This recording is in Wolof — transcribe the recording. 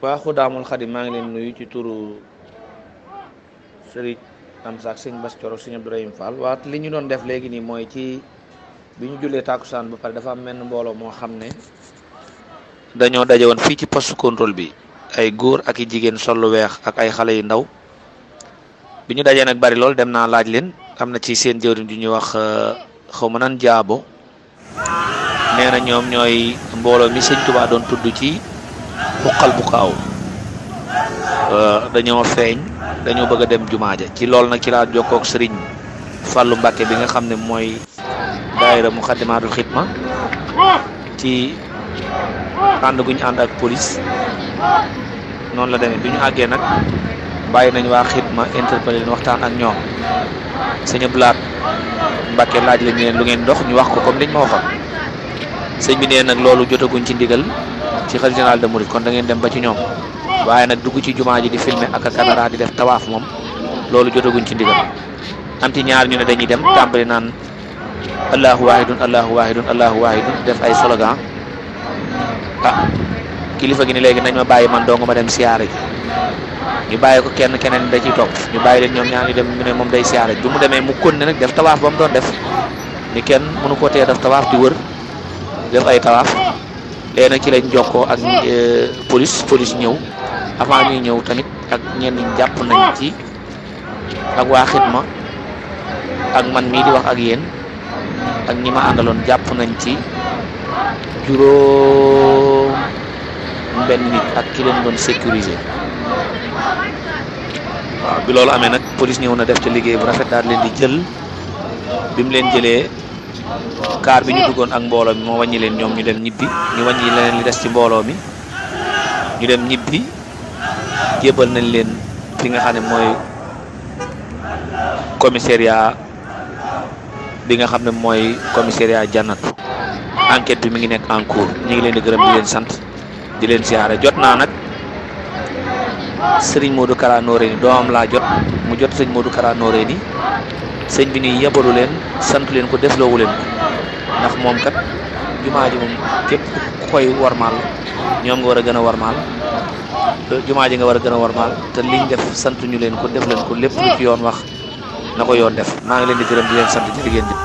wa Xudaamul khadim maa ngi leen nuyu ci turu sëriñ am saak sëñ Bass Thioro sëñ ibrahim Fall wa li ñu doon def léegi ni moy ci biñu ñu takusan tàkkusaan ba pare dafa am menn mbooloo ci poste contrôle bi ay goor ak jigen solo sol ak ay xalé yu ndaw biñu dajé nak bari lol dem na laaj len amna ci seen jëwriñ ju wax euh, xawma nan jaabo ñom ñoy mbolo mi touba doon tuddu ci buqal bu kaaw euh, dañoo feeñ dañoo bëgg a dem jumaa ja ci lool nag ci laa jokkook sëriñ Fàllu mbakke bi nga xam ne mooy daayira mu xaddimaatul xidma ci ànd guñ ànd ak polis noonu la demee bi àggee nag bàyyi nañ waa xidma interpellé leen waxtaan ak ñoom sëñ Abdoulaat Mbàkke laaj lañ leen lu ngeen dox ñu wax ko comme liñ ma waxoon sëñ bi nee nag loolu jotaguñ ci ndigal ci xel général de Mouride kon dangeen dem ba ci ñoom waaye nag dugg ci jumaa ji di filmer ak a caméra di def tawaaf moom loolu jotaguñ ci ndigal am ci ñaar ñu ne dañuy dem tàmbali naan allahu wahidun allahu wahidun allahu wahidun def ay slogan ah kilifa gi ni léegi nañ ma bàyyi man dong ma dem siyaare ji ñu bàyyi ko kenn keneen da ciy topp ñu bàyyi leen ñoom ñaar ñu dem ñu ne moom day siyaare ji mu demee mu kon ne nag def tawaaf ba mu doon def ni kenn mënu ko tee def tawaaf di wër def ay tawaaf léegi nag ci lañ jokkoo ak euh, police police ñëw avant ñuy ñëw tamit ak ñenn ñi jàpp nañ ci ak waa xidma ak man mii di wax ak yéen ak ñi ma àndaloon jàpp nañ ci juróom benn nit ak ki leen doon sécuriser waaw bi loolu amee nag police ñëw na def ci liggéey bu rafet daal leen di jël bi mu leen jëlee kaar bi ñu duggon ak mbolo mi mo wañi len ñom ñu dem ñibbi ñu wañi len li dess ci mbolo mi ñu dem ñibbi jébal nañ len fi nga xamne ne commissariat bi nga xamne ne commissariat jannat enquête bi mi ngi nek en cours ñi ngi len di gërëm di len sante di len ziaré jot na nak serigne Modou Kara ni doom la jot mu jot serigne Modou Kara ni sëñ bi nii yabalu leen santu leen ko defloowu leen ko ndax moom kat jumaa ji moom képp ku koy warmaal ñoom nga war a gën a warmaal euh, jumaa ji nga war a gën a warmaal te liñ def sant ñu leen ko def leen ko lépp lu ci yoon wax na ko yoon def maa ngi leen di gërëm di leen sant jërë ngeen jëf